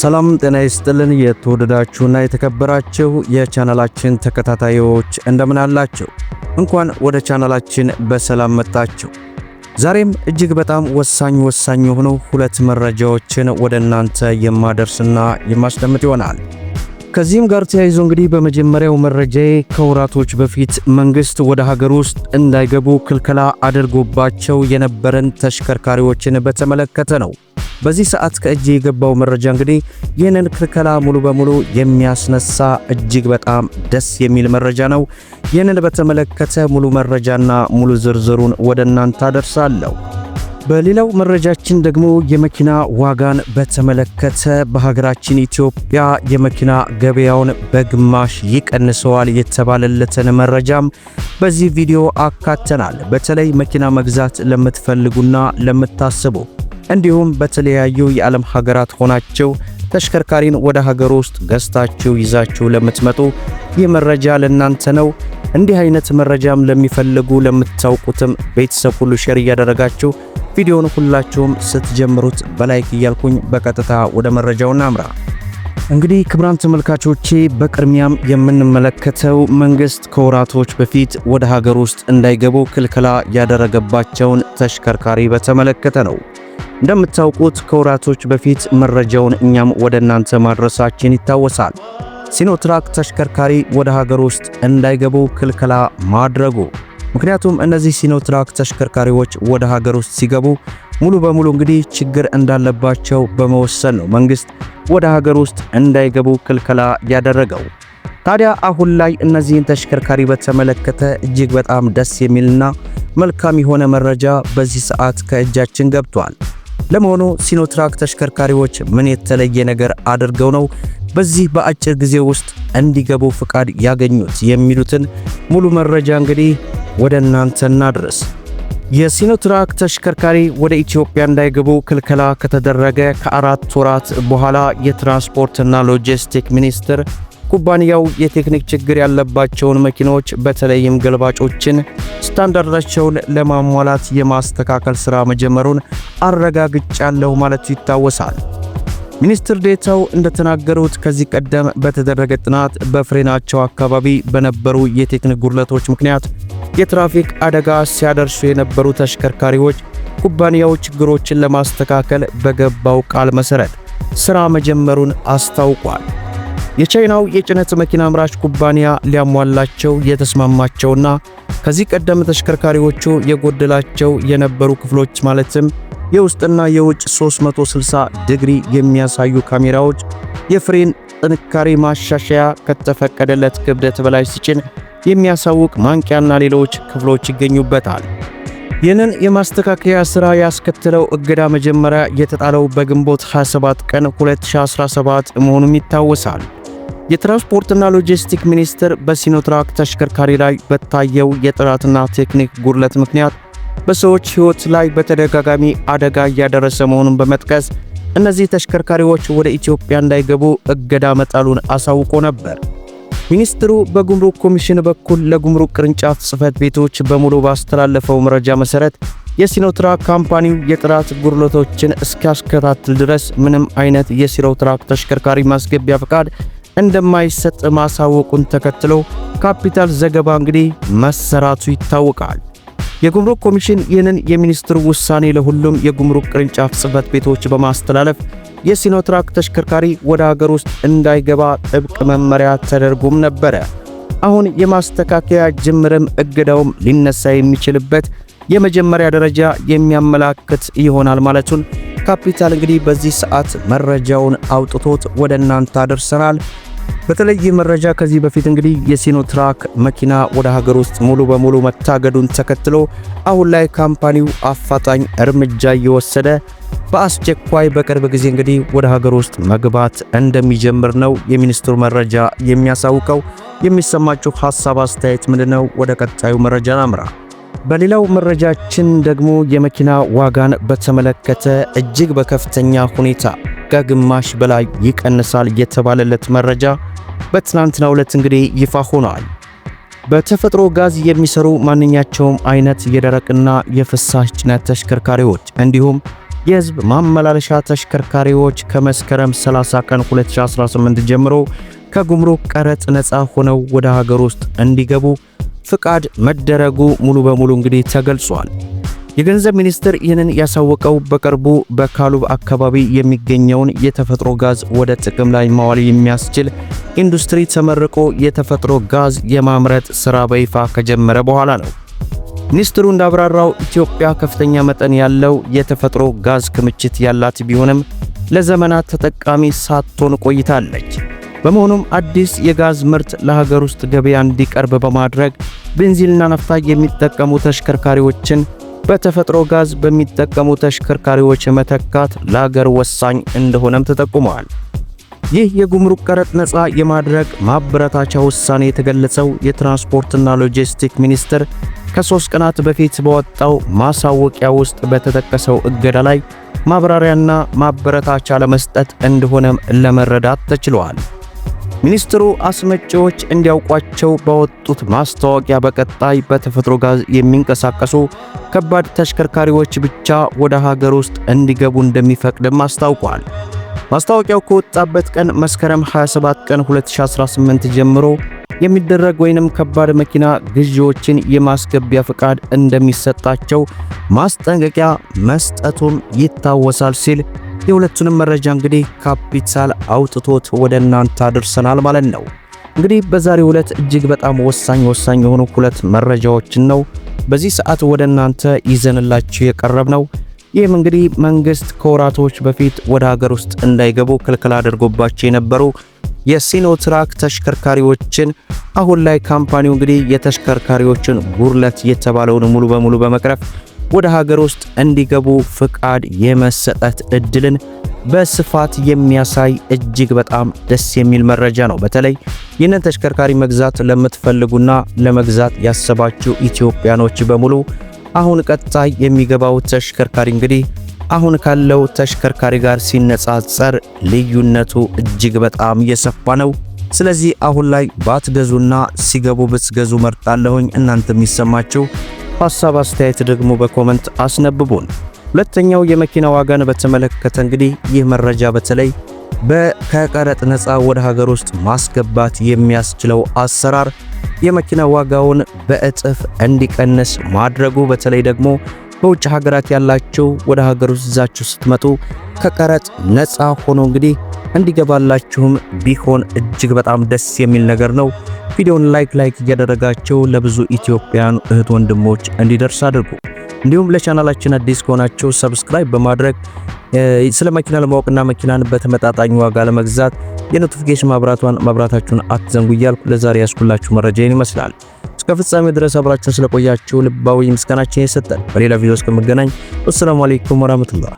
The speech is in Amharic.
ሰላም ጤና ይስጥልን። የተወደዳችሁና የተከበራችሁ የቻናላችን ተከታታዮች እንደምን አላችሁ? እንኳን ወደ ቻናላችን በሰላም መጣችሁ። ዛሬም እጅግ በጣም ወሳኝ ወሳኝ የሆኑ ሁለት መረጃዎችን ወደ እናንተ የማደርስና የማስደምጥ ይሆናል። ከዚህም ጋር ተያይዞ እንግዲህ በመጀመሪያው መረጃዬ ከወራቶች በፊት መንግስት ወደ ሀገር ውስጥ እንዳይገቡ ክልከላ አድርጎባቸው የነበረን ተሽከርካሪዎችን በተመለከተ ነው። በዚህ ሰዓት ከእጅ የገባው መረጃ እንግዲህ ይህንን ክልከላ ሙሉ በሙሉ የሚያስነሳ እጅግ በጣም ደስ የሚል መረጃ ነው። ይህንን በተመለከተ ሙሉ መረጃና ሙሉ ዝርዝሩን ወደ እናንተ አደርሳለሁ። በሌላው መረጃችን ደግሞ የመኪና ዋጋን በተመለከተ በሀገራችን ኢትዮጵያ የመኪና ገበያውን በግማሽ ይቀንሰዋል የተባለለትን መረጃም በዚህ ቪዲዮ አካተናል። በተለይ መኪና መግዛት ለምትፈልጉና ለምታስቡ እንዲሁም በተለያዩ የዓለም ሀገራት ሆናችሁ ተሽከርካሪን ወደ ሀገር ውስጥ ገዝታችሁ ይዛችሁ ለምትመጡ ይህ መረጃ ለእናንተ ነው። እንዲህ አይነት መረጃም ለሚፈልጉ ለምታውቁትም ቤተሰብ ሁሉ ሼር እያደረጋችሁ ቪዲዮውን ሁላችሁም ስትጀምሩት በላይክ እያልኩኝ በቀጥታ ወደ መረጃው እናምራ። እንግዲህ ክብራን ተመልካቾቼ በቅድሚያም የምንመለከተው መንግስት ከወራቶች በፊት ወደ ሀገር ውስጥ እንዳይገቡ ክልከላ ያደረገባቸውን ተሽከርካሪ በተመለከተ ነው። እንደምታውቁት ከወራቶች በፊት መረጃውን እኛም ወደ እናንተ ማድረሳችን ይታወሳል። ሲኖትራክ ተሽከርካሪ ወደ ሀገር ውስጥ እንዳይገቡ ክልከላ ማድረጉ። ምክንያቱም እነዚህ ሲኖትራክ ተሽከርካሪዎች ወደ ሀገር ውስጥ ሲገቡ ሙሉ በሙሉ እንግዲህ ችግር እንዳለባቸው በመወሰን ነው መንግስት ወደ ሀገር ውስጥ እንዳይገቡ ክልከላ ያደረገው። ታዲያ አሁን ላይ እነዚህን ተሽከርካሪ በተመለከተ እጅግ በጣም ደስ የሚልና መልካም የሆነ መረጃ በዚህ ሰዓት ከእጃችን ገብቷል። ለመሆኑ ሲኖትራክ ተሽከርካሪዎች ምን የተለየ ነገር አድርገው ነው በዚህ በአጭር ጊዜ ውስጥ እንዲገቡ ፍቃድ ያገኙት የሚሉትን ሙሉ መረጃ እንግዲህ ወደ እናንተ እናድረስ። የሲኖትራክ ተሽከርካሪ ወደ ኢትዮጵያ እንዳይገቡ ክልከላ ከተደረገ ከአራት ወራት በኋላ የትራንስፖርትና ሎጂስቲክ ሚኒስትር ኩባንያው የቴክኒክ ችግር ያለባቸውን መኪኖች በተለይም ገልባጮችን ስታንዳርዳቸውን ለማሟላት የማስተካከል ሥራ መጀመሩን አረጋግጫለሁ ማለት ይታወሳል። ሚኒስትር ዴታው እንደተናገሩት ከዚህ ቀደም በተደረገ ጥናት በፍሬናቸው አካባቢ በነበሩ የቴክኒክ ጉድለቶች ምክንያት የትራፊክ አደጋ ሲያደርሱ የነበሩ ተሽከርካሪዎች ኩባንያው ችግሮችን ለማስተካከል በገባው ቃል መሠረት ሥራ መጀመሩን አስታውቋል። የቻይናው የጭነት መኪና አምራች ኩባንያ ሊያሟላቸው የተስማማቸውና ከዚህ ቀደም ተሽከርካሪዎቹ የጎደላቸው የነበሩ ክፍሎች ማለትም የውስጥና የውጭ 360 ዲግሪ የሚያሳዩ ካሜራዎች፣ የፍሬን ጥንካሬ ማሻሻያ፣ ከተፈቀደለት ክብደት በላይ ሲጭን የሚያሳውቅ ማንቂያና ሌሎች ክፍሎች ይገኙበታል። ይህንን የማስተካከያ ሥራ ያስከተለው እገዳ መጀመሪያ የተጣለው በግንቦት 27 ቀን 2017 መሆኑም ይታወሳል። የትራንስፖርትና ሎጂስቲክ ሚኒስቴር በሲኖትራክ ተሽከርካሪ ላይ በታየው የጥራትና ቴክኒክ ጉድለት ምክንያት በሰዎች ሕይወት ላይ በተደጋጋሚ አደጋ እያደረሰ መሆኑን በመጥቀስ እነዚህ ተሽከርካሪዎች ወደ ኢትዮጵያ እንዳይገቡ እገዳ መጣሉን አሳውቆ ነበር። ሚኒስትሩ በጉምሩክ ኮሚሽን በኩል ለጉምሩክ ቅርንጫፍ ጽህፈት ቤቶች በሙሉ ባስተላለፈው መረጃ መሰረት የሲኖትራክ ካምፓኒው የጥራት ጉድለቶችን እስኪያስከታትል ድረስ ምንም አይነት የሲኖትራክ ተሽከርካሪ ማስገቢያ ፈቃድ እንደማይሰጥ ማሳወቁን ተከትሎ ካፒታል ዘገባ እንግዲህ መሰራቱ ይታወቃል። የጉምሩክ ኮሚሽን ይህንን የሚኒስትር ውሳኔ ለሁሉም የጉምሩክ ቅርንጫፍ ጽህፈት ቤቶች በማስተላለፍ የሲኖትራክ ተሽከርካሪ ወደ ሀገር ውስጥ እንዳይገባ ጥብቅ መመሪያ ተደርጎም ነበረ። አሁን የማስተካከያ ጅምርም እገዳውም ሊነሳ የሚችልበት የመጀመሪያ ደረጃ የሚያመላክት ይሆናል ማለቱን ካፒታል እንግዲህ በዚህ ሰዓት መረጃውን አውጥቶት ወደ እናንተ አደርሰናል። በተለይ መረጃ ከዚህ በፊት እንግዲህ የሲኖትራክ መኪና ወደ ሀገር ውስጥ ሙሉ በሙሉ መታገዱን ተከትሎ አሁን ላይ ካምፓኒው አፋጣኝ እርምጃ እየወሰደ በአስቸኳይ በቅርብ ጊዜ እንግዲህ ወደ ሀገር ውስጥ መግባት እንደሚጀምር ነው የሚኒስትሩ መረጃ የሚያሳውቀው። የሚሰማችሁ ሀሳብ አስተያየት ምንድነው? ወደ ቀጣዩ መረጃ ናምራ። በሌላው መረጃችን ደግሞ የመኪና ዋጋን በተመለከተ እጅግ በከፍተኛ ሁኔታ ከግማሽ በላይ ይቀንሳል የተባለለት መረጃ በትናንትናው ዕለት እንግዲህ ይፋ ሆኗል። በተፈጥሮ ጋዝ የሚሰሩ ማንኛቸውም አይነት የደረቅና የፍሳሽ ጭነት ተሽከርካሪዎች እንዲሁም የህዝብ ማመላለሻ ተሽከርካሪዎች ከመስከረም 30 ቀን 2018 ጀምሮ ከጉምሩክ ቀረጥ ነፃ ሆነው ወደ ሀገር ውስጥ እንዲገቡ ፍቃድ መደረጉ ሙሉ በሙሉ እንግዲህ ተገልጿል። የገንዘብ ሚኒስትር ይህንን ያሳወቀው በቅርቡ በካሉብ አካባቢ የሚገኘውን የተፈጥሮ ጋዝ ወደ ጥቅም ላይ ማዋል የሚያስችል ኢንዱስትሪ ተመርቆ የተፈጥሮ ጋዝ የማምረት ሥራ በይፋ ከጀመረ በኋላ ነው። ሚኒስትሩ እንዳብራራው ኢትዮጵያ ከፍተኛ መጠን ያለው የተፈጥሮ ጋዝ ክምችት ያላት ቢሆንም ለዘመናት ተጠቃሚ ሳትሆን ቆይታለች። በመሆኑም አዲስ የጋዝ ምርት ለሀገር ውስጥ ገበያ እንዲቀርብ በማድረግ ቤንዚንና ናፍታ የሚጠቀሙ ተሽከርካሪዎችን በተፈጥሮ ጋዝ በሚጠቀሙ ተሽከርካሪዎች መተካት ለሀገር ወሳኝ እንደሆነም ተጠቁመዋል። ይህ የጉምሩክ ቀረጥ ነጻ የማድረግ ማበረታቻ ውሳኔ የተገለጸው የትራንስፖርትና ሎጂስቲክ ሚኒስቴር ከሶስት ቀናት በፊት በወጣው ማሳወቂያ ውስጥ በተጠቀሰው እገዳ ላይ ማብራሪያና ማበረታቻ ለመስጠት እንደሆነም ለመረዳት ተችሏል። ሚኒስትሩ አስመጪዎች እንዲያውቋቸው ባወጡት ማስታወቂያ በቀጣይ በተፈጥሮ ጋዝ የሚንቀሳቀሱ ከባድ ተሽከርካሪዎች ብቻ ወደ ሀገር ውስጥ እንዲገቡ እንደሚፈቅድም አስታውቋል። ማስታወቂያው ከወጣበት ቀን መስከረም 27 ቀን 2018 ጀምሮ የሚደረግ ወይንም ከባድ መኪና ግዢዎችን የማስገቢያ ፍቃድ እንደሚሰጣቸው ማስጠንቀቂያ መስጠቱም ይታወሳል ሲል የሁለቱንም መረጃ እንግዲህ ካፒታል አውጥቶት ወደ እናንተ አድርሰናል ማለት ነው። እንግዲህ በዛሬው ዕለት እጅግ በጣም ወሳኝ ወሳኝ የሆኑ ሁለት መረጃዎችን ነው በዚህ ሰዓት ወደ እናንተ ይዘንላችሁ የቀረብ ነው። ይህም እንግዲህ መንግስት ከወራቶች በፊት ወደ ሀገር ውስጥ እንዳይገቡ ክልክል አድርጎባቸው የነበሩ የሲኖትራክ ተሽከርካሪዎችን አሁን ላይ ካምፓኒው እንግዲህ የተሽከርካሪዎችን ጉርለት የተባለውን ሙሉ በሙሉ በመቅረፍ ወደ ሀገር ውስጥ እንዲገቡ ፍቃድ የመሰጠት እድልን በስፋት የሚያሳይ እጅግ በጣም ደስ የሚል መረጃ ነው። በተለይ ይህንን ተሽከርካሪ መግዛት ለምትፈልጉና ለመግዛት ያሰባችሁ ኢትዮጵያኖች በሙሉ አሁን ቀጣይ የሚገባው ተሽከርካሪ እንግዲህ አሁን ካለው ተሽከርካሪ ጋር ሲነጻጸር ልዩነቱ እጅግ በጣም የሰፋ ነው። ስለዚህ አሁን ላይ ባትገዙና ሲገቡ ብትገዙ መርጣለሁኝ። እናንተ የሚሰማችሁ ሐሳብ አስተያየት ደግሞ በኮመንት አስነብቡን። ሁለተኛው የመኪና ዋጋን በተመለከተ እንግዲህ ይህ መረጃ በተለይ ከቀረጥ ነፃ ወደ ሀገር ውስጥ ማስገባት የሚያስችለው አሰራር የመኪና ዋጋውን በእጥፍ እንዲቀንስ ማድረጉ በተለይ ደግሞ በውጭ ሀገራት ያላችሁ ወደ ሀገር ውስጥ ይዛችሁ ስትመጡ ከቀረጥ ነፃ ሆኖ እንግዲህ እንዲገባላችሁም ቢሆን እጅግ በጣም ደስ የሚል ነገር ነው። ቪዲዮውን ላይክ ላይክ እያደረጋቸው ለብዙ ኢትዮጵያን እህት ወንድሞች እንዲደርስ አድርጉ። እንዲሁም ለቻናላችን አዲስ ከሆናቸው ሰብስክራይብ በማድረግ ስለ መኪና ለማወቅና መኪናን በተመጣጣኝ ዋጋ ለመግዛት የኖቲፊኬሽን ማብራቷን ማብራታችሁን አትዘንጉ እያልኩ ለዛሬ ያስኩላችሁ መረጃ ይህን ይመስላል። እስከ ፍጻሜ ድረስ አብራችሁን ስለቆያችሁ ልባዊ ምስጋናችን የሰጠን። በሌላ ቪዲዮ እስከምገናኝ ወሰላሙ አለይኩም ወራህመቱላህ።